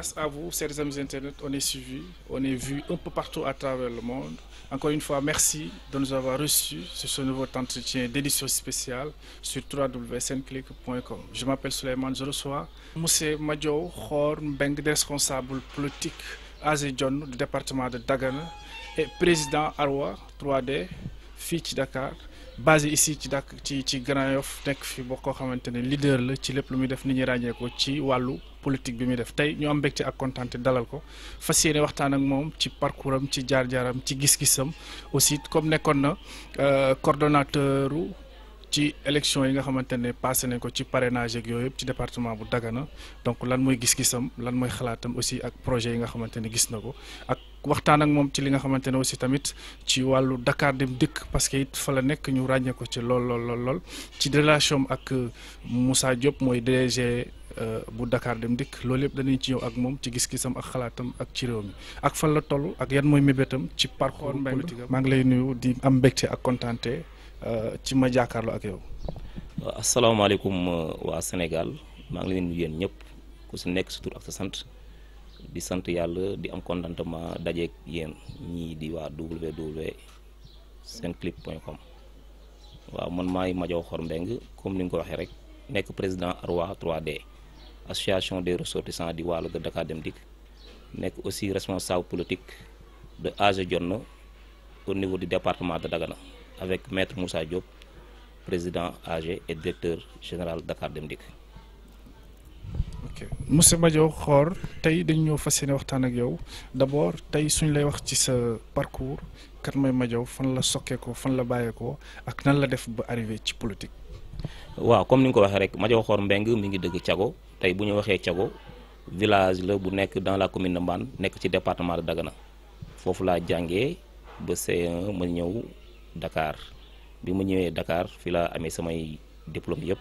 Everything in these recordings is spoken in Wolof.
grâce à vous, chers amis Internet, on est suivis, on est vus un peu partout à travers le monde. Encore une fois, merci de nous avoir reçus sur ce nouveau entretien d'édition spéciale sur www.snclick.com. Je m'appelle Souleymane, je reçois Monsieur Madjo Khorn Beng, responsable politique Azidjon du département de Dagana et président Arwa 3D, fille Dakar. base ici ci dak ci ci Grand Yoff nekk fi boo koo xamante ne leader la ci lépp lu muy def nit ñi ràññeekoo ci wàllu politique bi muy def tey ñu am mbégte ak kontaan dalal ko fas yéene waxtaan ak moom ci parcours am ci jaar-jaaram ci gis-gisam aussi comme nekkoon na euh, coordonnateur ci élection yi nga xamante ne passé nañ ko ci parrainage ak yooyu yëpp ci département bu Dagana donc lan mooy gis-gisam lan mooy xalaatam aussi ak projet yi nga xamante ne gis na ko ak waxtaan ak moom ci li nga xamante ne aussi tamit ci wàllu Dakar dem dikk parce que it fa la nekk ñu ràññee ko ci lool lool lool lool ci relation ak euh, Moussa Diop mooy DG euh, bu Dakar dem dikk loolu yëpp danañ ci ñëw ak moom ci gis-gisam ak xalaatam ak ci réew mi ak fan la toll ak yan mooy mébétam ci parcours politique maa ngi lay nuyu di am ak kontaante Euh, ci ma jàkkaarloo ak yow. waaw asalaamaaleykum euh, waa Sénégal maa ngi leen di nuyu yéen ñëpp ku si nekk sa tur ak sa sant di sant yàlla di am contentement dajeeg yéen ñii di waa www senclip point com waaw man maay majoo Xor Mbeng comme ni nga ko waxee rek nekk président ARWA 3D association des ressortissants di Waalo de Dakar Dem Dikk nekk aussi responsable politique de AG Jotna au niveau du département de Dagana. avec Maître Moussa Diop, président age et directeur général Dakar Dem Dikk. ok monsieur xoor tey dañu ñëw fas yéene waxtaan ak yow d'abord tey suñ lay wax ci sa parcours kat mooy Madiaw fan la sokkee ko fan la bàyyeekoo ak nan la def ba arrivé ci politique. waaw comme ni nga ko waxee rek Madiaw xoor mbeng mi ngi dëgg cago tey bu ñu waxee cago village la bu nekk dans la commune de Mbane nekk ci département de Dagana foofu laa jàngee ba c ma ñëw. Dakar bi ma ñëwee dakaar fi laa amee samay diplôme yëpp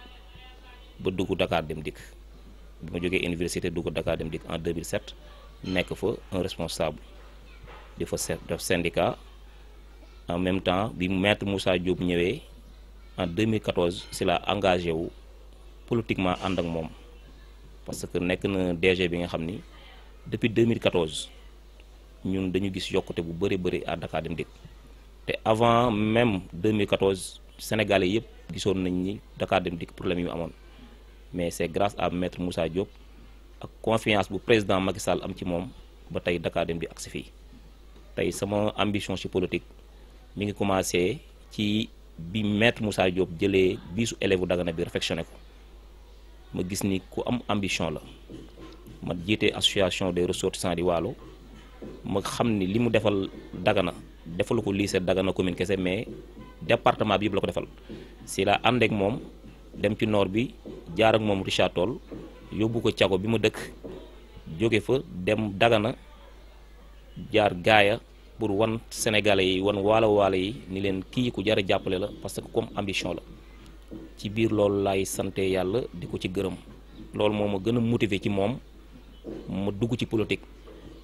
ba dugg Dakar dem dikk bi ma jógee université dugg Dakar dem dikk en 2007 nekk fa un responsable di fa def syndicat en même temps bi maître Moussa Diop ñëwee en 2014 si la engagé wu politiquement ànd ak moom parce que nekk na DG bi nga xam ni depuis 2014 ñun dañu gis yokkute bu bëri bëri à Dakar dem dikk te avant même deux 2014 Sénégalais yëpp gisoon nañ ni Dakar Dem Dikk problème yi mu amoon mais c' est grâce à maître Moussa Diop ak confiance bu président Macky Sall am ci moom ba tey Dakar Dem Dikk agsi fii tey sama ambition ci politique mi ngi commencé ci bi mètre Moussa Diop jëlee biisu élève Dagana bi réfectionné ko ma gis ni ku am ambition la ma jiite association des ressortissants di Waalo ma xam ni li mu defal Dagana defalu ko lii lycée Dagana commune kese mais département bi yëpp la ko defal si la àndeek moom dem ci noor bi jaar ak moom Richard Toll yóbbu ko Thiago bi ma dëkk jóge fa dem Dagana jaar gaaya pour wan Sénégalais yi wan waalo waalo yi ni leen kii ku jar jàppale la parce que comme ambition la ci biir loolu laay sante yàlla di ko ci gërëm loolu moo ma gën a motiver ci moom ma dugg ci politique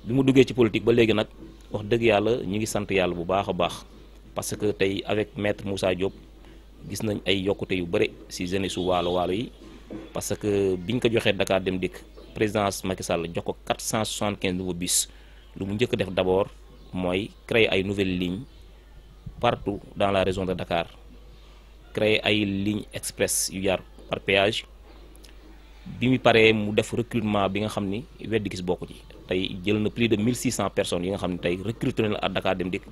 bi mu duggee ci politique ba léegi nag wax dëgg yàlla ñu ngi sant yàlla bu baax a baax parce que tey avec maître Moussa Diop gis nañ ay yokkute yu bëre si jeunesse su waalo waalo yi parce que bi biñ ko joxee Dakar dem dikk présidence Macky Sall jox ko 475 nouveaux bus lu mu njëkk def d' abord mooy créer ay nouvelles ligne partout dans la région de Dakar créer ay lignes express yu jaar par péage bi mu paree mu def recrutement bi nga xam ni wedd gis bokku ci tey jël na plus de 1600 personnes yi nga xam ne tey recruter na la à Dakar Dem Dikk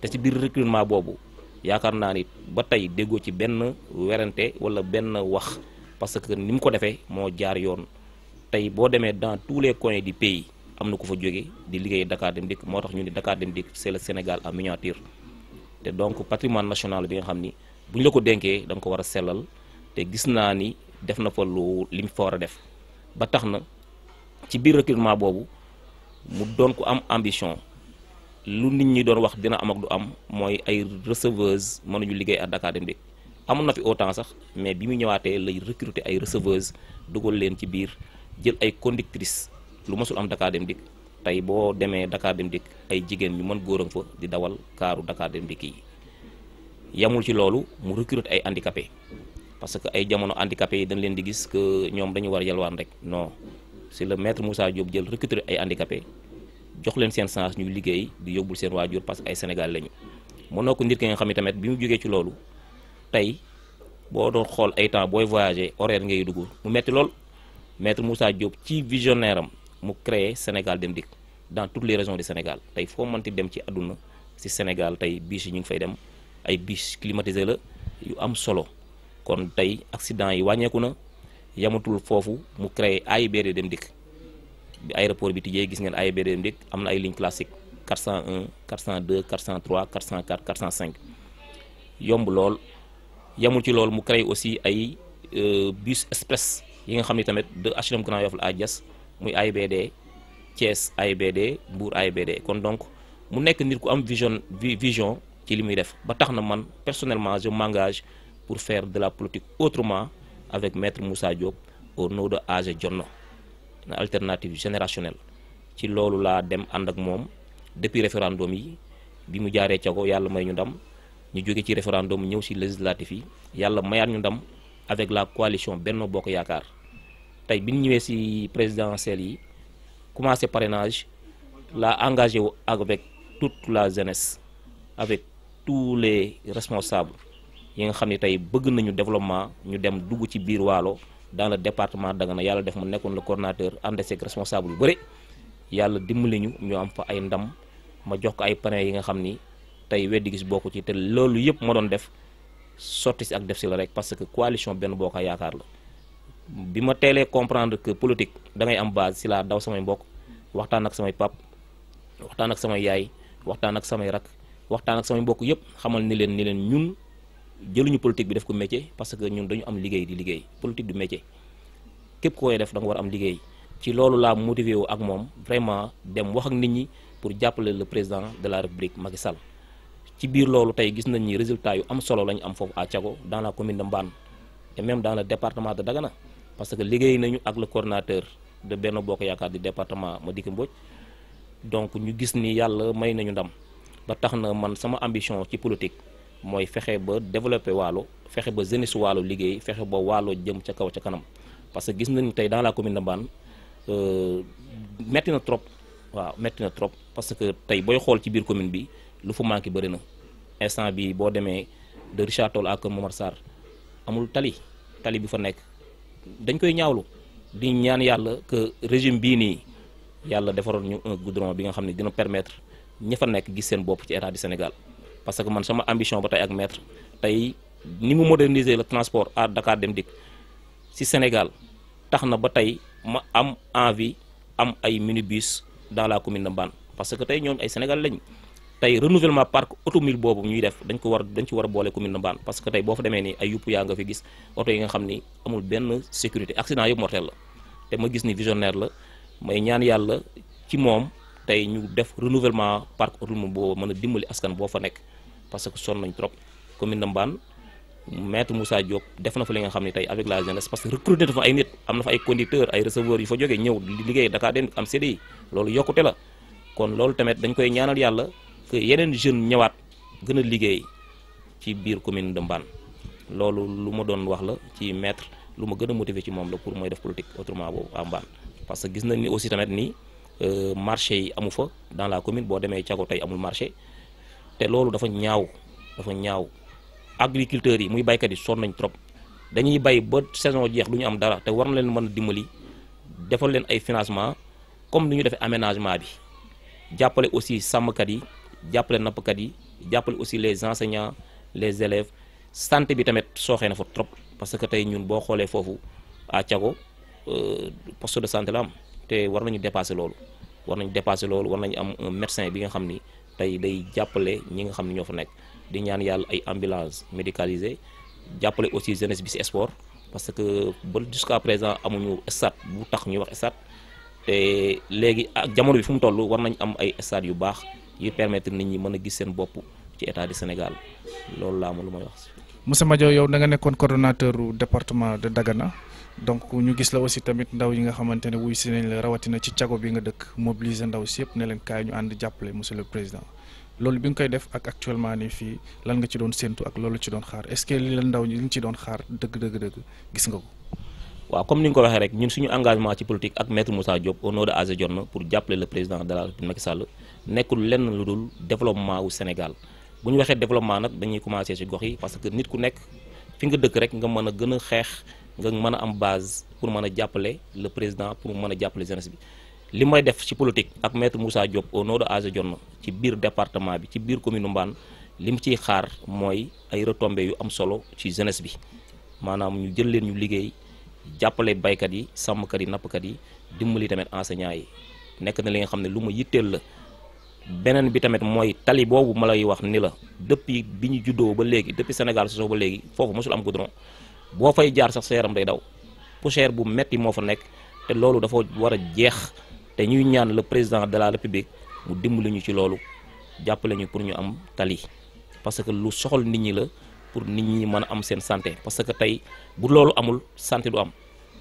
te ci biir recrutement boobu yaakaar naa ni ba tey déggoo ci benn werante wala benn wax parce que ni mu ko defee moo jaar yoon tey boo demee dans tous les coins du pays am na ku fa jóge di liggéey Dakar Dem Dikk moo tax ñu ni Dakar Dem Dikk c'est le Sénégal en miniature te donc patrimoine national bi nga xam ni bu ñu la ko dénkee danga ko war a sellal te gis naa ni def na fa lu li mu fa war a def ba tax na ci biir recrutement boobu mu doon ku am ambition lu nit ñi doon wax dina am ak du am mooy ay receveuse nañu liggéey ak Dakar Dem Dikk amoon na fi autant sax mais bi mu ñëwaatee lay recruter ay receveuse dugal leen ci biir jël ay conductrice lu mësul am Dakar Dem Dikk tey boo demee Dakar Dem Dikk ay jigéen ñu mën góoram fa di dawal kaaru Dakar Dem Dikk yi yamul ci loolu mu recruter ay handicapé parce que ay jamono handicapé yi dañ leen di gis que ñoom dañu war a yalwaan rek non si le maître Moussa Diop jël recruter ay handicapé jox leen seen chance ñuy liggéey di yóbbul seen waajur parce que ay Sénégal lañu mënoo ko ndir ki nga xam ne tamit bi mu jógee ci loolu tey boo doon xool ay temps booy voyager horaire ngay dugg mu metti lool maître Moussa Diop ci visionnaire am mu créé Sénégal Dem Dikk dans toutes les régions du Sénégal tey foo manti dem ci adduna si Sénégal tey biche ñu ngi fay dem ay biche climatisé la yu am solo kon tey accident yi wàññeeku na yamatul foofu mu créé AIBD dem dikk bi aéroport bi tijjee gis ngeen AIBD dem dikk am na ay ligne classique 401 402 403 404 405 yomb lool yamul ci lool mu créé aussi ay euh, bus express yi nga xam ne tamit de HLM Grand Yoff la à Diass muy AIBD Thiès AIBD Mbour AIBD kon donc mu nekk nit ku am vision vision ci li muy def ba tax na man personnellement je m'engage pour faire de la politique autrement avec maître Moussa Diop au nom age jot na une alternative générationnelle ci loolu laa dem ànd ak moom depuis référendum yi bi mu jaaree ca yàlla may ñu ndam ñu jóge ci référendum ñëw si législatif yi yàlla mayaat ñu ndam avec la coalition benn Bokk Yaakaar tey bi ñu ñëwee si présidentielles yi commencé parrainage la engagé wu avec toute la jeunesse avec tous les responsables yi nga xam ne tey bëgg nañu développement ñu dem dugg ci biir waalo dans le département Dagana yàlla def ma nekkoon le coordonnateur ànd seeg responsable yu bëri yàlla dimbali ñu ñu am fa ay ndam ma jox ko ay parrain yi nga xam ni tey weddi gis bokku ci te loolu yëpp ma doon def sotti si ak def si la rek parce que coalition benn boo yaakaar la bi ma teelee comprendre que politique da am base si laa daw samay mbokk waxtaan ak samay pap waxtaan ak samay yaay waxtaan ak samay rak jëluñu politique bi def ko métier parce que ñun dañu am liggéey di liggéey politique du métier képp ku koy def da nga war am liggéey ci loolu laa motiver woo ak moom vraiment dem wax ak nit ñi pour jàppale le président de la république Macky Sall ci biir loolu tey gis nañ ni résultat yu am solo lañu am foofu à Thiago dans la commune de Mbane et même dans le département de Dagana parce que liggéey nañu ak le coordonnateur de Benno Bokk Yaakaar du département Madické Mbodj donc ñu gis ni yàlla may nañu ndam ba tax na man sama ambition ci politique mooy fexe ba développé waalo fexe ba jeunesse waalo liggéey fexe ba waalo jëm ca kaw ca kanam parce que gis nañu tey dans la commune de Mbane euh, metti na trop waaw metti trop parce que tey booy xool ci biir commune bi lu fa manqué bëri na instant bi boo demee de Richard Toll à Kër Momar amul tali tali bi fa nekk dañ koy ñaawlu di ñaan yàlla que régime bii nii yàlla defaroon ñu un bi nga xam ne dina permettre ña fa nekk gis seen bopp ci état Sénégal parce que man sama ambition ba tey ak maître tey ni mu moderniser le transport à Dakar Dem Dikk ci Sénégal tax na ba tey ma am envie am ay minibus dans la commune de parce que tey ñoom ay Sénégal lañ tey renouvellement parc automobile boobu ñuy def dañ ko war dañ ci war a boole commune de Mbane parce que tey boo fa demee ni ay yupp yaa nga fi gis oto yi nga xam ni amul benn sécurité accident yëpp mortel la te ma gis ni visionnaire la may ñaan yàlla ci moom tey ñu def renouvellement parc automobile boobu mën a dimbali askan boo fa nekk parce que son nañ trop commune de Mbane maître Moussa Diop def na fa li nga xam ne tey avec la jeunesse parce que recruter dafa ay nit am na fa ay conducteurs ay receveurs yu fa jógee ñëw liggéey Dakar dem am CDI loolu yokkute la kon loolu tamit dañ koy ñaanal yàlla que yeneen jeunes ñëwaat gën a liggéey ci biir commune de Mbane loolu lu ma doon wax la ci maître lu ma gën a motiver ci moom la pour mooy def politique autrement boobu à Mbane parce que gis nañ ni aussi tamit ni euh, marché yi amu fa dans la commune boo demee Thiago tey amul marché te loolu dafa ñaaw dafa ñaaw agriculteurs yi muy baykat yi soon nañ trop dañuy bay ba saison jeex du ñu am dara te war na leen mën a dimbali defal leen ay financement comme ni ñu defee aménagement bi jàppale aussi sàmmkat yi jàppale nappkat yi jàppale aussi les enseignants les élèves santé bi tamit sooxee na fa trop parce que tey ñun boo xoolee foofu à Thiago euh, poste de santé la am te war nañu dépasser loolu war nañu dépasser loolu war nañu am un médecin bi nga xam ni tey day jàppale ñi nga xam ne ñoo fa nekk di ñaan yàlla ay ambulance médicalisée jàppale aussi jeunesse bi ci sport parce que ba jusqu'à présent amuñu stade bu tax ñuy wax stade te léegi ak jamono bi fu mu toll war nañ am ay stade yu baax yi permettre nit ñi mën a gis seen bopp ci état du Sénégal loolu laa am lu may wax. Moussa Madiaw yow da nga nekkoon coordonnateur département de Dagana. donc ñu gis la aussi tamit ndaw yi nga xamante ne wuy si nañ la rawatina ci cago bi nga dëkk mobiliser ndaw si yëpp ne leen kaay ñu ànd jàppale monsieur le président loolu bi nga koy def ak actuellement nii fii lan nga ci doon séntu ak loolu ci doon xaar est-ce li la ndaw ñi li ñu ci doon xaar dëgg dëgg dëgg gis nga ko. waa comme ni nga ko waxee rek ñun suñu engagement ci politique ak maître Moussa Diop au nom de AG Jotna pour jàppale le président de la République Macky Sall lenn lu dul développement wu Sénégal bu ñu waxee développement nag dañuy commencer ci gox yi parce que nit ku nekk fi nga dëkk rek nga mën a gën xeex nga mën a am base pour mën a jàppale le président pour mën a jàppale jeunesse bi li may def ci politique ak maître Moussa Diop au nom de AG Jotna ci biir département bi ci biir commune Mbane li mu ciy xaar mooy ay retombées yu am solo ci jeunesse bi maanaam ñu jël leen ñu liggéey jàppale baykat yi sàmmkat yi nappkat yi dimbali tamit enseignants yi nekk na li nga xam ne lu ma yitteel la beneen bi tamit mooy tali boobu ma lay wax ni la depuis bi ñu juddoo ba léegi depuis Sénégal sosoo ba léegi foofu mosul am goudron boo fay jaar sax sa yaram day daw poussière bu metti moo fa nekk te loolu dafa war a jeex te ñuy ñaan la président de la république mu dimbali ñu ci loolu jàpp lañu pour ñu am tali parce que lu soxal nit ñi la pour nit ñi mën a am seen santé parce que tey bu loolu amul santé du am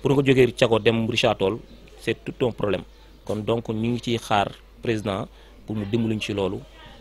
pour nga jógee Thiago dem Richard tool c' est tout un problème kon donc ñu ngi ciy xaar président pour mu dimbali ñu ci loolu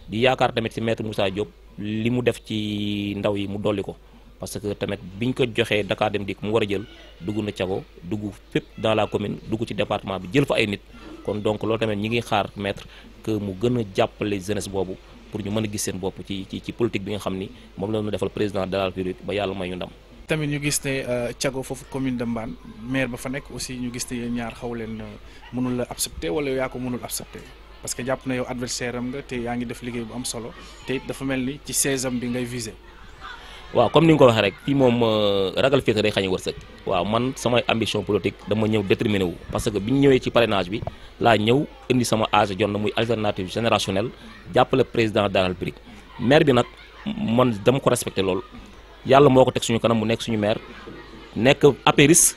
di yaakaar tamit si maître Moussa Diop li mu def ci ndaw yi mu dolli ko. parce que tamit ñu ko joxee Dakar dem dikk mu war a jël dugg na Thiago dugg fépp dans la commune dugg ci département bi jël fa ay nit kon donc loo tamit ñi ngi xaar maître que gën a jàppale jeunesse boobu pour ñu mën a gis seen bopp ci ci ci politique bi nga xam ni moom la ñu defal président de la République ba yàlla may ñu ndam. tamit ñu gis ne euh, Thiago foofu commune de Mbane maire ba fa nekk aussi ñu gis ne yéen ñaar xaw leen euh, mënul la accepter wala yaa ko mënul accepter. parce que jàpp na yow adversaire am nga te yaa ngi def liggéey bu am solo te it dafa mel ni ci 16 am bi ngay viser. waaw comme ni nga ko waxee rek fii moom euh, ragal féete day xañu wërsëg waaw man samay ambition politique dama ñëw déterminé parce que bi ñu ñëwee ci parrainage bi laa ñëw indi sama âge jot na muy alternative générationel jàppale président Dahal Biré maire bi nag man dama ko respecté loolu yàlla moo ko teg suñu kanam mu nekk suñu maire nekk apéris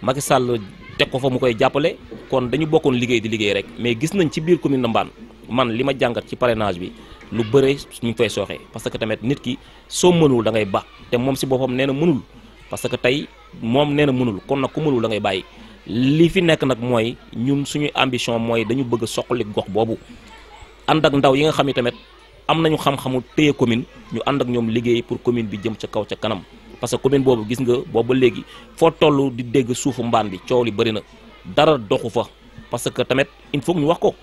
Macky Sall teg ko fa mu koy jàppale kon dañu bokkoon liggéey di liggéey rek mais gis nañ ci biir commune de Mbane man li ma jàngat ci parrainage bi lu bëre ñu ngi sooxee parce que tamit nit ki soo mënul da ngay baax te moom si boppam nee na mënul parce que tey moom nee na mënul kon nag ku mënul da ngay bàyyi li fi nekk nag mooy ñun suñu ambition mooy dañu bëgg a gox boobu ànd ak ndaw yi nga xam ni tamit am nañu xam-xamu téye commune ñu ànd ak ñoom liggéey pour commune bi jëm ca kaw ca kanam parce que commune boobu gis nga booba léegi foo toll di dégg suufu mbaan bi coow li bëri na dara doxu fa parce que tamit il faut ñu wax ko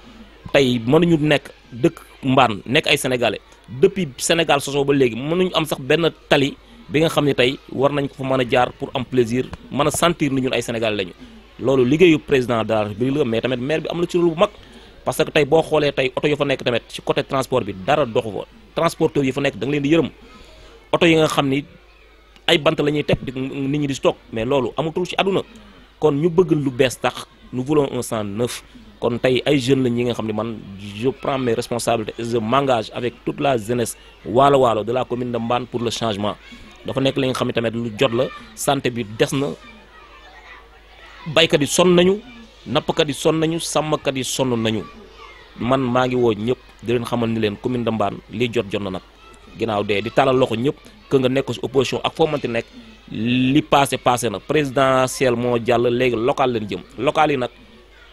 tey mënuñu nekk dëkk mbaan nekk ay sénégalais depuis Sénégal sosoo ba léegi nañu am sax benn tali bi nga xam ne tey war nañ ko fa mën a jaar pour am plaisir mën a sentir ni ñu ay sénégalais lañu. loolu liggéeyu président de la République la mais tamit maire bi am na ci rôle bu mag parce que tey boo xoolee tey oto yi fa nekk tamit ci côté transport bi dara doxu fa transporteur yi fa nekk danga leen di yërëm oto yi nga xam ni ay bant la ñuy teg di nit ñi di stock mais loolu amatul ci àdduna kon ñu bëgg lu bees tax nous voulons un sang neuf. kon tey ay jeunes lañ ñi nga xam ne man je prends mes responsabilités et m'engage avec toute la jeunesse waalo waalo de la commune de Mbane pour le changement dafa nekk li nga xam ne tamit lu jot la santé bi des na baykat yi son nañu nappkat yi son nañu sàmmkat yi sonn nañu man maa ngi woo ñëpp di leen xamal ni leen commune de Mbane lii jot jot na nag ginnaaw dee di talal loxo ñëpp que nga nekk si opposition ak foo mënti nekk li passé passé na présidentiel moo jàll léegi local leen jëm local yi nag.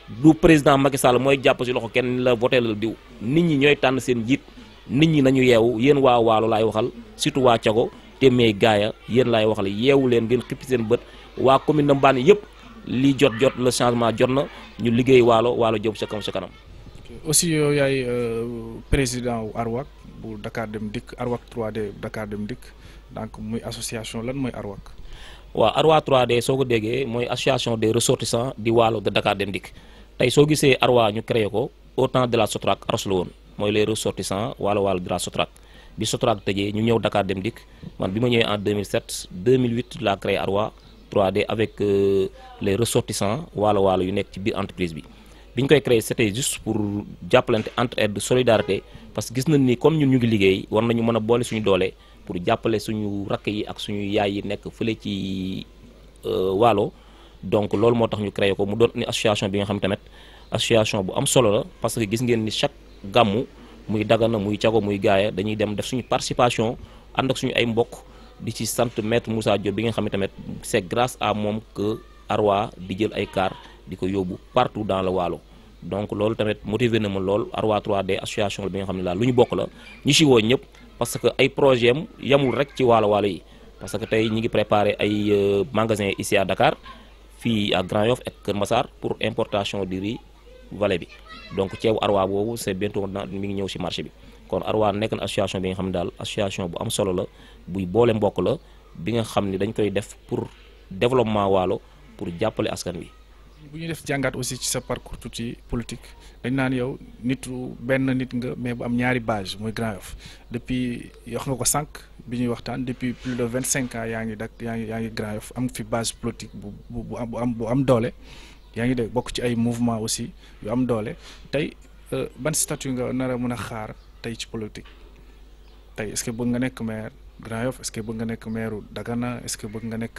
du président Macky Sall mooy jàpp si loxo kenn la votéelal diw nit ñi ñooy tànn seen jiit nit ñi nañu yeewu yéen waa waalo laay waxal surtout waa Cago te mee gaaya yéen laay waxal yeewu leen ngeen xippi seen bët waa commune de Mbane yëpp lii jot jot la changement jot na ñu liggéey waalo waalo jëm sa kanam kanam. aussi yow yaay euh, président wu Arwak bu Dakar Dem Dikk Arwak trois de Dakar Dem Dikk donc muy association lan mooy Arwak. waa Arwak 3D soo ko déggee mooy association des ressortissants di waalo de Dakar Dem Dikk. tey soo gisee Arwa ñu créé ko au temps de la Sotrac Aros la woon mooy les ressortissants waalo waalo de la Sotrac bi Sotrac tëjee ñu ñëw dakaar dem dikk man bi ma ñëwee en 2007 2008 laa créé Arwa 3D avec euh, les ressortissants waalo waalo yu nekk ci biir entreprise bi. bi ñu koy créé c'était juste pour jàppalante entraide solidarité parce que gis nañ ni comme ñun ñu ngi liggéey war nañu mën a boole suñu doole pour jàppale suñu rakk yi ak suñu yaay yi nekk fële ci euh, waalo. donc loolu moo tax ñu créer ko mu doon ni association bi nga xam tamit association bu am solo la parce que gis ngeen ni chaque gàmmu muy Dagana muy Cago muy Gaaya dañuy dem def suñu participation ànd ak suñu ay mbokk di ci sant maître Moussa Diop bi nga xam ne tamit c'est grâce à moom que Arwa di jël ay car di ko yóbbu partout dans le Waalo donc loolu tamit motivé na ma lool Arwa 3D association bi nga xam ne laa lu ñu bokk la ñu si woo ñëpp parce que ay projet am rek ci Waalo Waalo yi parce que tey ñi ngi préparé ay euh, magasin ici à fii à Grand Yoff ak Kër pour importation du riz vallée bi donc ceebu arwa boobu c'est bientôt mi ngi ñëw si marché bi kon arwa nekk na association bi nga xam ne daal association bu am solo la buy boole mbokk la bi nga xam ne dañ koy def pour développement waalo pour jàppale askan wi bu ñu def jàngat aussi ci sa parcours tuuti politique dañ naan yow nitu benn nit nga mais bu am ñaari base muy Grand Yoff depuis wax nga ko sànq bi ñuy waxtaan depuis plus de vingt cinq ans yaa ngi dak yaa ngi yaa ngi Grand Yoff am fi base politique bu bu bu am bu am doole yaa ngi dégg bokk ci ay mouvement aussi yu am doole tey euh, ban statu nga nar a mën a xaar tey ci politique tey est-ce bëgg nga nekk maire Grand Yoff est-ce bëgg nga nekk maire Dagana est-ce que bëgg nga nekk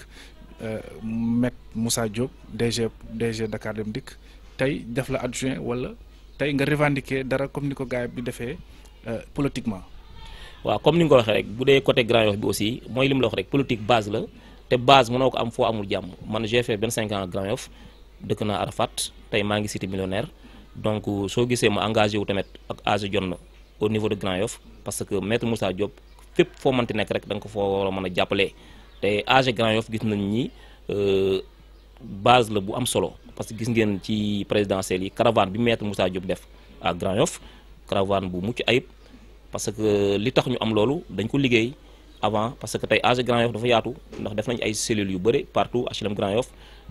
Euh, maître Moussa Diop DG DG Dakar Dem dëkk tey def la adjoint wala tey nga revendiquer dara comme ni ko gars bi defee euh, politiquement. waa comme ni nga ko waxee rek bu dee côté Grand Yoff bi aussi mooy lim mu la wax rek politique base la te base mënoo ko am foo amul jàmm man j'ai fait 25 ans Grand Yoff dëkk naa Arafat tey maa ngi siti millionnaire donc soo gisee ma engagé wu tamit ak âge jot na au niveau de Grand Yoff parce que maître Moussa Diop fépp foo mënti nekk rek da ko foo mën a jàppalee. te AG Grand Yoff gis nañ ni euh, base la bu am solo parce que gis ngeen ci présidentielle yi caravane bi maître Moussa Diop def à Grand Yoff caravane bu mucc ayib parce que li tax ñu am loolu dañ ko liggéey avant parce que tey AG Grand Yoff dafa yaatu ndax def nañ ay cellules yu bëri partout HLM Grand Yoff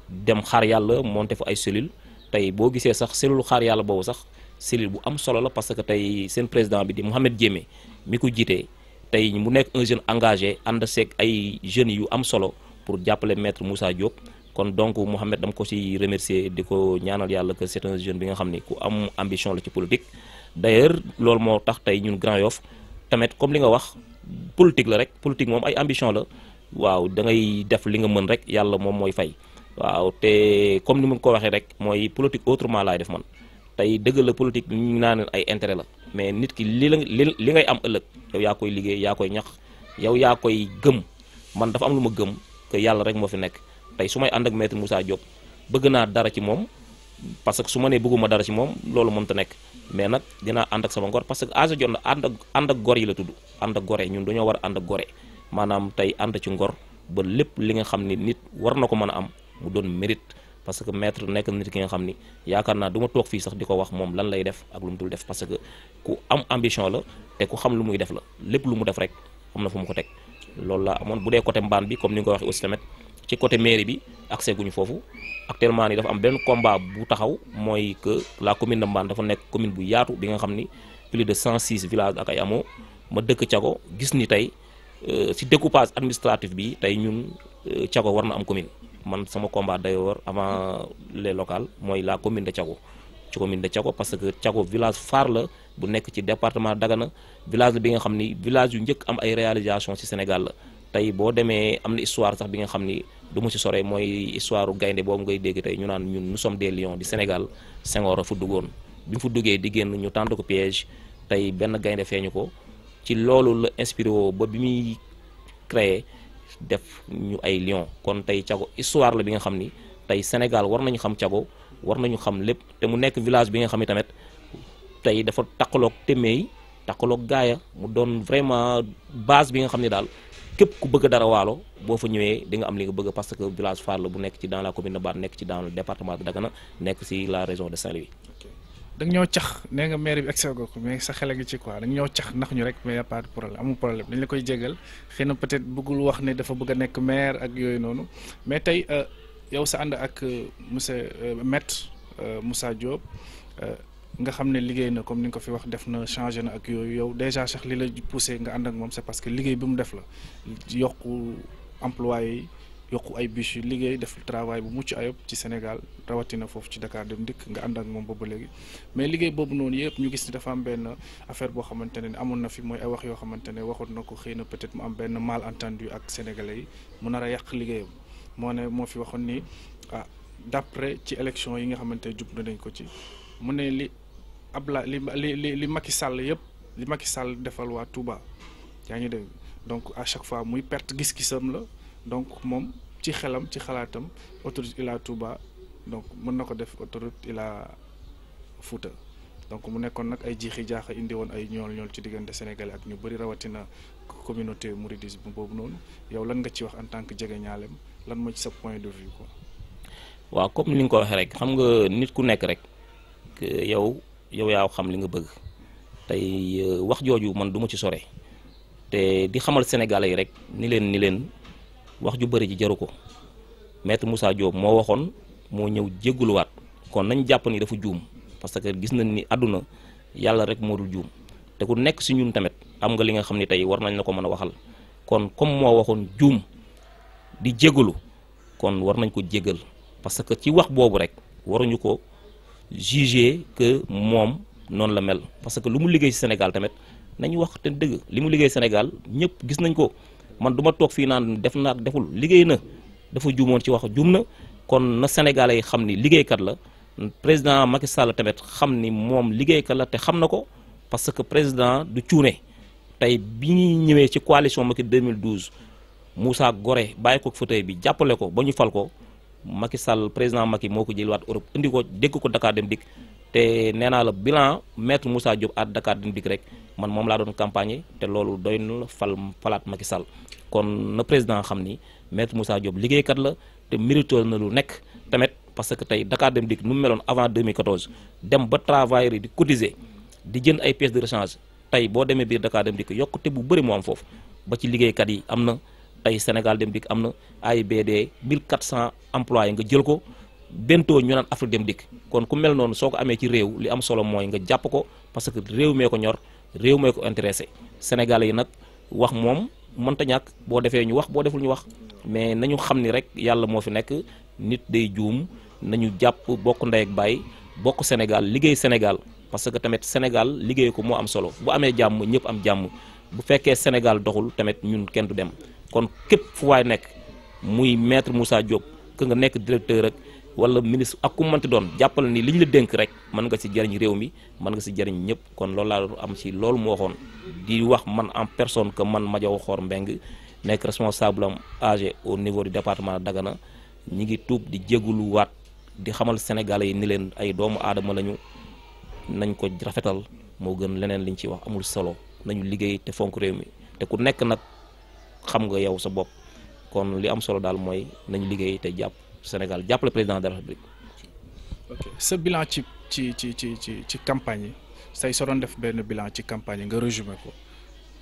dem xaar yàlla monté fa ay cellules tey boo gisee sax cellule xaar yàlla boobu sax cellule bu am solo la parce que tey seen président bi di Mouhamed Diémé mi ko jiitee tey mu nekk un jeune engagé ànd seeg ay jeunes yu am solo pour jàppale maître Moussa jóg kon donc Mouhamed dama ko si remercier di ko ñaanal yàlla que c'est un jeune bi nga xam ni ku am ambition la ci politique d'ailleurs loolu moo tax tey ñun Grand Yoff tamit comme li nga wax politique la rek politique moom ay ambition la waaw da ngay def li nga mën rek yàlla moom mooy fay waaw te comme ni ma ko waxee rek mooy politique autrement laay def man tey dëgg la politique ñu ngi naan ay intérêt la mais nit ki li la li ngay am ëllëg yow yaa koy liggéey yaa koy ñax yow yaa koy gëm man dafa am lu ma gëm que yàlla rek moo fi nekk tey su may ànd ak maître Moussa Diop bëgg naa dara ci moom parce que su ma nee bëgguma dara ci moom loolu mënta nekk mais nag dinaa ànd ak sama ngor parce que âge jot na ànd ak ànd ak yi la tudd ànd ak gore ñun dañoo war a ànd ak gore maanaam tey ànd ci ngor ba lépp li nga xam ni nit war na ko mën a am mu doon mérite parce que maître nekk na nit ki nga xam ni yaakaar naa du ma toog fii sax di ko wax moom lan lay def ak lu mu dul def parce que ku am ambition la te ku xam lu muy def la lépp lu mu def rek am na fu mu ko teg loolu la amoon bu dee côté mbaan bi comme ni ko waxee aussi tamit ci côté mairie bi accès guñu foofu actuellement dafa am benn combat bu taxaw mooy la commune de dafa nekk commune bu yaatu bi nga xam ni plus de 106 villages ak ay amoo ma dëkk Thiago gis ni tey euh, si découpage administratif bi tey ñun euh, Thiago war na am commune man sama combat day war avant les locales mooy la commune de Thiago ci commune de Thiago parce que Thiago village phare la bu nekk ci département Dagana village la bi nga xam ni village yu njëkk am ay réalisation ci Sénégal la tey boo demee am na histoire sax bi nga xam ni duma mu ci sore mooy histoire gaynde boobu ngay dégg tey ñu naan ñun nous sommes des lions du Sénégal Senghor a fu duggoon bi fu duggee di génn ñu tànd ko piège tey benn gaynde feeñu ko ci loolu la inspiré woo ba bi muy créé def ñu ay lion kon tey Thiago histoire la bi nga xam ni tey Sénégal war nañu xam cago war nañu xam lépp te mu nekk village bi nga xam ni tamit tey dafa taqaloog téméy taqaloog gaaya mu doon vraiment base bi nga xam ne daal képp ku bëgg dara waalo boo fa ñëwee di nga am li nga bëgg parce que village phare la bu nekk ci dans la commune de Bane nekk ci dans le département de nekk ci la région de Saint-Louis danga ñoo cax nee nga maire bi excès ko mais sa xel a ci quoi danga ñoo cax nax ñu rek mais y a pas de problème amul problème dañ la koy jégal xëy na peut-être bëggul wax ne dafa bëgg a nekk maire ak yooyu noonu mais tey euh, yow sa ànd ak euh, monsieur euh, maître Moussa Diop nga xam ne liggéey na comme ni nga ko fi wax def na changé na ak yooyu yow déjà sax li la poussé nga ànd ak moom c'est parce que liggéey bi mu def la yokku emploi yokku ay bus yu liggéey def travail bu mucc ayib ci Sénégal rawatina foofu ci Dakar dem dikk nga ànd ak moom boobu léegi mais liggéey boobu noonu yëpp ñu gis ni dafa am benn affaire boo xamante ne amoon na fi mooy ay wax yoo xamante ne waxoon na ko xëy na peut-être mu am benn malentendu ak sénégalais yi mu a yàq liggéeyam moo ne moo fi waxoon ni ah d'après ci élection yi nga xamante ne jub na ko ci mu ne li Abla li li li Macky Sall yëpp li Macky Sall defal waa Touba yaa ngi dégg donc à chaque fois muy perte gis-gisam la. donc moom ci xelam ci xalaatam autoroute Ila Touba donc mën na ko def autoroute Ila Fouta donc mu nekkoon nag ay jiixi jaaxa indi woon ay ñool ñool ci diggante Sénégalais ak ñu bari rawatina communauté mouridisme boobu noonu yow lan nga ci wax en tant que jege ñaaleem lan moo ci sa point de vue ko waaw comme ni nga ko waxee rek xam nga nit ku nekk rek yow yow yaa xam li nga bëgg tey euh, wax jooju man duma ci sore te di xamal Sénégalais yi rek ni leen ni leen. wax ju bari ji jaru ko maître Moussa Diop moo waxoon moo ñëw jégguluwaat kon nañ jàpp ni dafa juum parce que gis nañ ni àdduna yàlla rek moo dul juum te ku nekk si ñun tamit am nga li nga xam ni tey war nañ la ko mën a waxal kon comme moo waxoon juum di jégalu kon war nañ ko jégal parce que ci wax boobu rek waruñu ko juger que moom noonu la mel parce que lu mu liggéey si Sénégal tamit nañu wax te dëgg li mu liggéey Sénégal ñëpp gis nañ ko man du ma toog fii naan def naa deful liggéey na dafa juumoon ci wax jum na kon na Sénégalais xam ni liggéeykat la président Macky Sall tamit xam ni moom liggéeykat la te xam na ko parce que président du cuune tey bi ñuy ñëwee ci coalition Macky 2012 Moussa Goré bàyyi ko fauteuil bi jàppale ko ba ñu fal ko Macky Sall président Macky moo ko jëliwaat Europe indi ko dégg ko Dakar dem dikk te nee naa la bilan maître Moussa Diop at Dakar Dem Dikk rek man moom laa doon campagne te loolu doy na la fal falaat Macky Sall kon na président xam ni maître Moussa Diop liggéeykat la te mérito na lu nekk tamit parce que tey Dakar Dem Dikk nu meloon avant 2014 dem ba travailleurs di cotiser di jënd ay pièces de rechange tey boo demee biir Dakar Dem Dikk yokkute bu bëri moom foofu ba ci liggéeykat yi am na tey Sénégal Dem Dikk am na AIBD 1400 employés nga jël ko. bentoo ñu naan Afrique dem dikk kon ku mel noonu soo ko amee ci réew li am solo mooy nga jàpp ko parce que réew mee ko ñor réew mee ko intéressé Sénégal yi nag wax moom mënta ñàkk boo defee ñu wax boo deful ñu wax mais nañu xam ni rek yàlla moo fi nekk nit day juum nañu jàpp bokk ndey ak baay bokk Sénégal liggéey Sénégal parce que tamit Sénégal liggéey ko moo am solo bu amee jàmm ñëpp am jàmm bu fekkee Sénégal doxul tamit ñun kenn du dem kon képp fu waay nekk muy maître Moussa Diop que nga nekk directeur rek. wala ministre ak ku mënti doon jàppale ni li ñu la dénk rek mën nga si jëriñ réew mi mën nga si jariñ ñëpp kon loolu laa am si loolu moo waxoon di wax man en personne que man Madiaw Xor Mbengue nekk responsable am AG au niveau du département Dagana ñi ngi tuub di jégalu waat di xamal Sénégalais yi ni leen ay doomu aadama lañu nañ ko rafetal moo gën leneen liñ ci wax amul solo nañu liggéey te fonk réew mi te ku nekk nag xam nga yow sa bopp kon li am solo daal mooy nañu liggéey te jàpp. Sénégal jàppale président de la République. ok sa bilan ci ci ci ci ci ci campagne yi say soo doon def benn bilan ci campagne yi nga résumé ko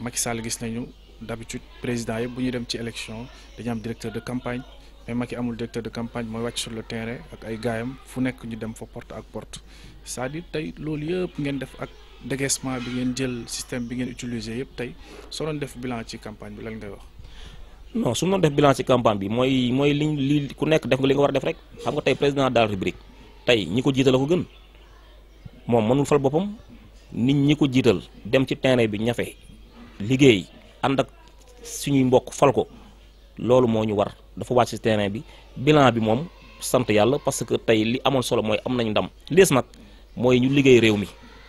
Macky Sall gis nañu d'habitude président yëpp bu ñuy dem ci élection dañu am directeur de campagne mais Macky amul directeur de campagne mooy wàcc sur le terrain ak ay gaayam fu nekk ñu dem fa porte ak porte cest à tey loolu yëpp ngeen def ak déguerpissement bi ngeen jël système bi ngeen utiliser yëpp tey soo doon def bilan ci campagne bi lan ngay wax. non su ñu doon def bilan ci campagne bi mooy mooy liñ li ku nekk def nga li nga war a def rek xam nga tey président de la tey ñi ko jiital a ko gën moom mënul fal boppam nit ñi ko jiital dem ci terrain bi ñafe liggéey ànd ak suñuy mbokk fal ko loolu moo ñu war dafa wàcc ci terrain bi bilan bi moom sant yàlla parce que tey li amoon solo mooy am nañu ndam lees nag mooy ñu liggéey réew mi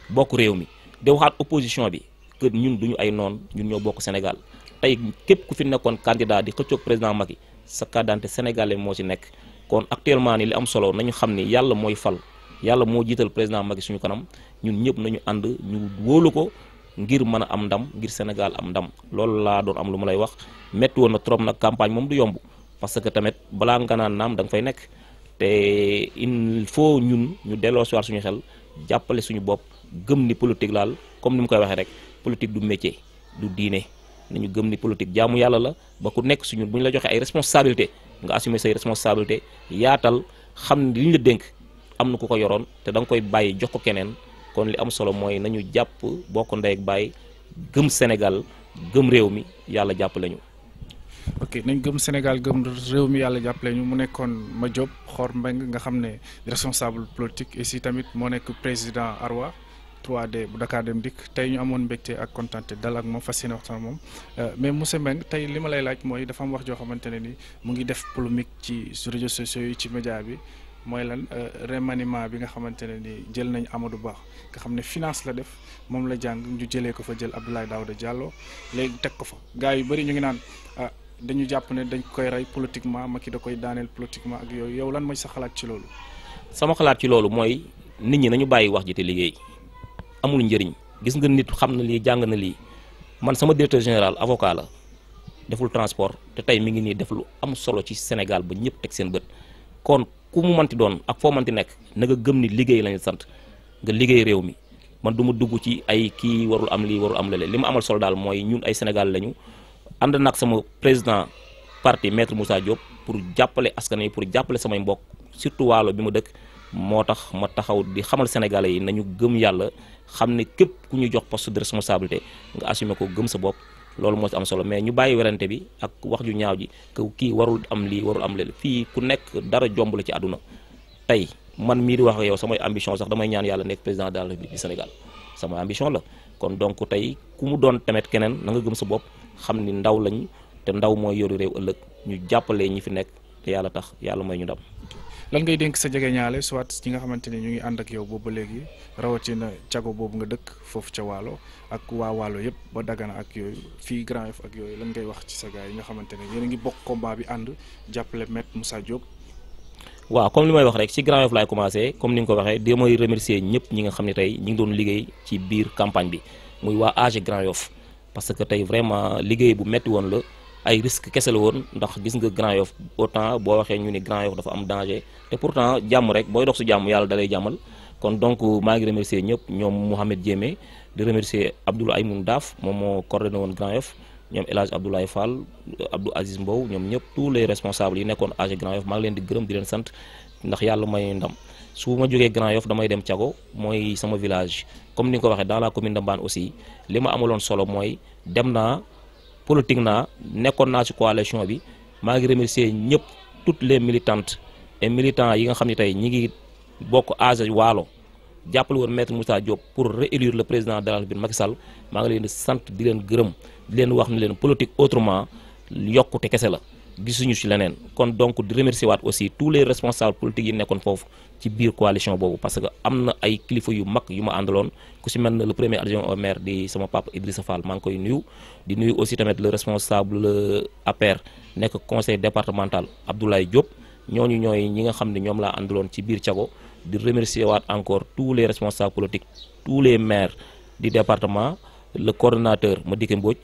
bokk réew mi di waxaat opposition bi kër ñun duñu ay noon ñun ñoo bokk Sénégal tey képp ku fi nekkoon candidat di xëccoog président Macky sa carte d'identité moo ci nekk kon actuellement ni li am solo nañu xam ni yàlla mooy fal yàlla moo jiital président Macky suñu kanam ñun ñëpp nañu ànd ñu wóolu ko ngir mën a am ndam ngir Sénégal am ndam loolu laa doon am lu ma lay wax métti woon na trop nag campagne moom du yomb parce que tamit balaa nga naan naam danga fay nekk te il faut ñun ñu delloo si waat suñu xel jàppale suñu bopp gëm ni politique laal comme ni mu koy waxee rek politique du métier du diine nañu gëm ni politique jaamu yàlla la ba ku nekk suñu bu ñu la joxee ay responsabilité nga assumer say responsabilité yaatal xam ne li ñu la dénk am na ku ko yoroon te danga koy bàyyi jox ko keneen kon li am solo mooy nañu jàpp bokk ndey ak bàyyi gëm Sénégal gëm réew mi yàlla jàpp lañu ok nañ gëm Sénégal gëm réew mi yàlla jàppale ñu mu nekkoon ma Madiop Khor Mbengue nga xam ne responsable politique et si tamit moo nekk président Arwa. 3D bu Dakar Dem Dikk tey ñu amoon mbégte ak kontante dal ak moom fas yéene waxtaan moom euh, mais monsieur Mbengue tey li ma lay laaj mooy dafa am wax joo xamante ne ni mu ngi def polémique ci réseaux sociaux yi ci média bi mooy lan euh, remaniment bi nga xamante ne ni jël nañ du baax nga xam ne finance la def moom la jàng ñu jëlee ko fa jël Abdoulaye Daouda Diallo léegi teg ko fa gars yu bëri ñu ngi naan ah, dañu jàpp ne dañ koy rey politiquement Macky da koy daaneel politiquement ak yooyu yow lan sa xalaat ci loolu. sama xalaat ci loolu mooy nit ñi nañu bàyyi wax ji te liggéey. amul njëriñ gis nga nit xam na lii jàng na lii man sama directeur général avocat la deful transport te tey mi ngi nii def lu am solo ci Sénégal ba ñëpp teg seen bët kon ku mu manti doon ak foo manti nekk na gëm ni liggéey lañu sant nga liggéey réew mi man du ma dugg ci ay kii warul am lii warul am lale li ma amal solo daal mooy ñun ay Sénégal lañu ànd nag sama président parti maître Moussa Diop pour jàppale askan yi pour jàppale samay mbokk surtout waalo bi ma moo tax ma taxaw di xamal sénégalais yàlla xam ne képp ku ñu jox post de responsabilité nga assumer ko gëm sa bopp loolu moo si am solo mais ñu bàyyi werante bi ak wax ju ñaaw ji que kii warul am lii warul am leel fii ku nekk dara jomb la ci àdduna tey man mii di wax yow samay ambition sax damay ñaan yàlla nekk président de la République du Sénégal sama ambition la kon donc tey ku mu doon tamit keneen na nga gëm sa bopp xam ni ndaw lañ te ndaw mooy yoru réew ëllëg ñu jàppale ñi fi nekk te yàlla tax yàlla mooy ñu ndam lan ngay denk sa jege ñaale soit ñi nga xamante ni ñu ngi ànd ak yow boobu ba léegi rawatina cago boobu nga dëkk foofu ca waalo ak waa waalo yëpp ba Dagana ak yooyu fii Grand Yoff ak yooyu lan ngay wax ci sa gars yi nga xamante ne yéen a ngi bokk combat bi ànd jàppale Maître Moussa Diop. waaw comme li may wax rek ci Grand Yoff laay comme ni nga ko waxee di may remercier ñëpp ñi nga xam ne tey ñu ngi doon liggéey ci biir campagne bi muy waa AG Grand Yoff parce que tey vraiment liggéey bu metti woon la. ay risque kese la woon ndax gis nga Grand Yoff autant boo waxee ñu ne Grand Yoff dafa am danger te pourtant jàmm rek booy dox su jàmm yàlla dalay jàmmal kon donc maa ngi remercier ñëpp ñoom Mouhamed Diémé di remercier Abdoul Aymoun Daaf moom moo coordonné woon Grand Yoff ñoom El Hadj Abdoulaye Fall Abdou Aziz Mbow ñoom ñëpp tous les responsables yi nekkoon AG Grand Yoff maa ngi leen di gërëm di leen sant ndax yàlla may ndam su ma jógee Grand Yoff damay dem Thiago mooy sama village comme ni ko waxee dans la commune de Mbane li ma amaloon solo mooy dem naa politique naa nekkoon naa ci coalition bi maa ngi remercier ñëpp toutes les militantes et militants yi nga xam ne tey ñi ngi bokk âge waalo jàppale woon maître Moussa Diop pour réélire le président de la République Sall maa ngi leen di sant di leen gërëm di leen wax ne leen politique autrement yokkute kese la gisuñu ci leneen kon donc di remercier waat aussi tous les responsables politiques yi nekkoon foofu ci biir coalition boobu parce que am na ay kilifa yu mag yu ma àndaloon ku si mel ne le premier adjoint au maire di sama papa Idrissa Fall maa ngi koy nuyu di nuyu aussi tamit le responsable APR nekk conseil départemental Abdoulaye Diop ñooñu ñooy ñi nga xam ne ñoom laa àndaloon ci biir Thiago di remercier waat encore tous les responsables politiques tous les maires département le coordonnateur Madické Mbodj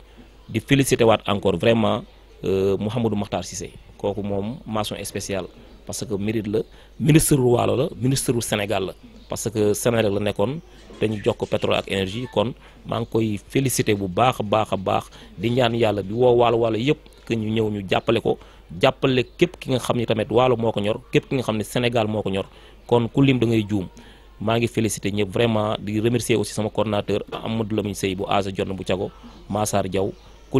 waat encore vraiment Euh, Mouhamadou Makhtar Cissé kooku moom mention spéciale parce que mérit la ministre wu Waalo la ministre wu Sénégal la parce que Sénégal la nekkoon dañu jox ko pétrole ak énergie kon maa ngi koy félicité bu baax a baax a baax di ñaan yàlla di woo Waalo Waalo yëpp que ñu ñëw ñu jàppale ko jàppale képp ki nga xam ni tamit Waalo moo ko ñor képp ki nga xam ne Sénégal moo ko ñor kon ku lim da ngay juum. maa ngi félicité ñëpp vraiment di remercier aussi sama coordonnateur Amadou Lamine Sey bu Asa Jonn bu Cago Massar Diaw ku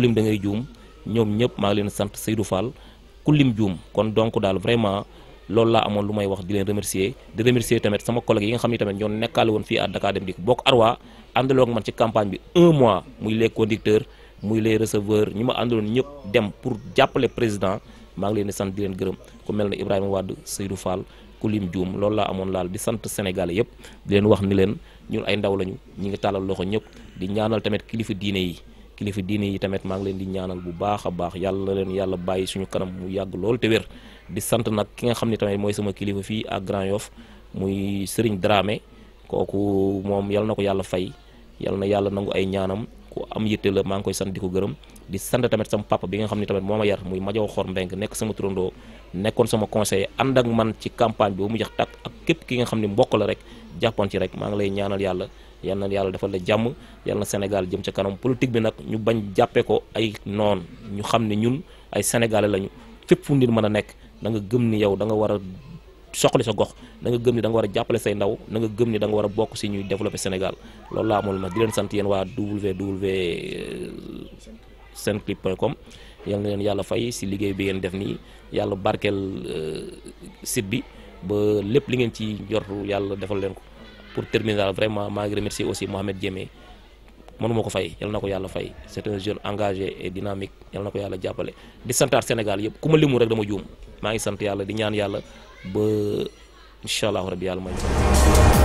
ñoom ñëpp maa ngi leen sant Seydou Fall kullim juum kon donc daal vraiment loolu laa amoon lu may wax di leen remercier di remercier tamit sama collègue yi nga xam ne tamit ñoo nekkaale woon fii à Dakar Dem Dikk bokk ci campagne bi mois muy les conducteurs muy les receveurs ñi ma àndaloon ñëpp dem pour jàppale président maa ngi leen di sant di leen gërëm ku mel ne Ibrahima Wade Seydou Fall juum loolu laa amoon laal di sant sénégal yëpp di leen wax ni leen ñun ay ndaw lañu ñi ngi tàllal loxo ñëpp di ñaanal tamit kilifa diine yi kilifa diini yi tamit maa ngi leen di ñaanal bu baax a baax yàlla leen yàlla bàyyi suñu kanam mu yàgg loolu te wér di sant nag ki nga xam ne tamit mooy sama kilifa fii ak muy Serigne Dramé kooku moom yàlla ko yàlla fay yàlla na yàlla nangu ay ñaanam ku am yitte la maa ngi koy sant di ko gërëm di sant tamit sama papa bi nga xam ne tamit moo ma yar muy Majaw Xor Mbeng nekk sama turandoo nekkoon sama conseiller ànd ak man ci campagne bi ba mu jax tàkk ak képp ki nga xam ne mbokk la rek jàppoon ci rek maa ngi lay ñaanal yàlla yal na yàlla defal la jàmm yàlla na Sénégal jëm sa kanam politique bi nag ñu bañ jàppee ko ay noon ñu xam ne ñun ay sénégalais lañu fépp fu nit mën a nekk da nga gëm ni yow da nga war a soxli sa gox da nga gëm ni da nga war a jàppale say ndaw na nga gëm ni danga nga war bokk si ñuy développer Sénégal loolu laa amul ma di leen sant yéen waa www euh, senclip point com yal na leen yàlla fay si liggéey bi ngeen def nii yàlla barkeel euh, site bi ba lépp li ngeen ci yor yàlla defal leen ko pour terminer daal vraiment maa ngi remercier aussi Mohamed Diémé manuma ko fay yal na ko yàlla fay c'est un jeune engagé et dynamique yal na ko yàlla jàppale di santaat Sénégal yëpp ku ma limu rek dama juum maa ngi sant yàlla di ñaan yàlla ba incha allahu rabi yàlla may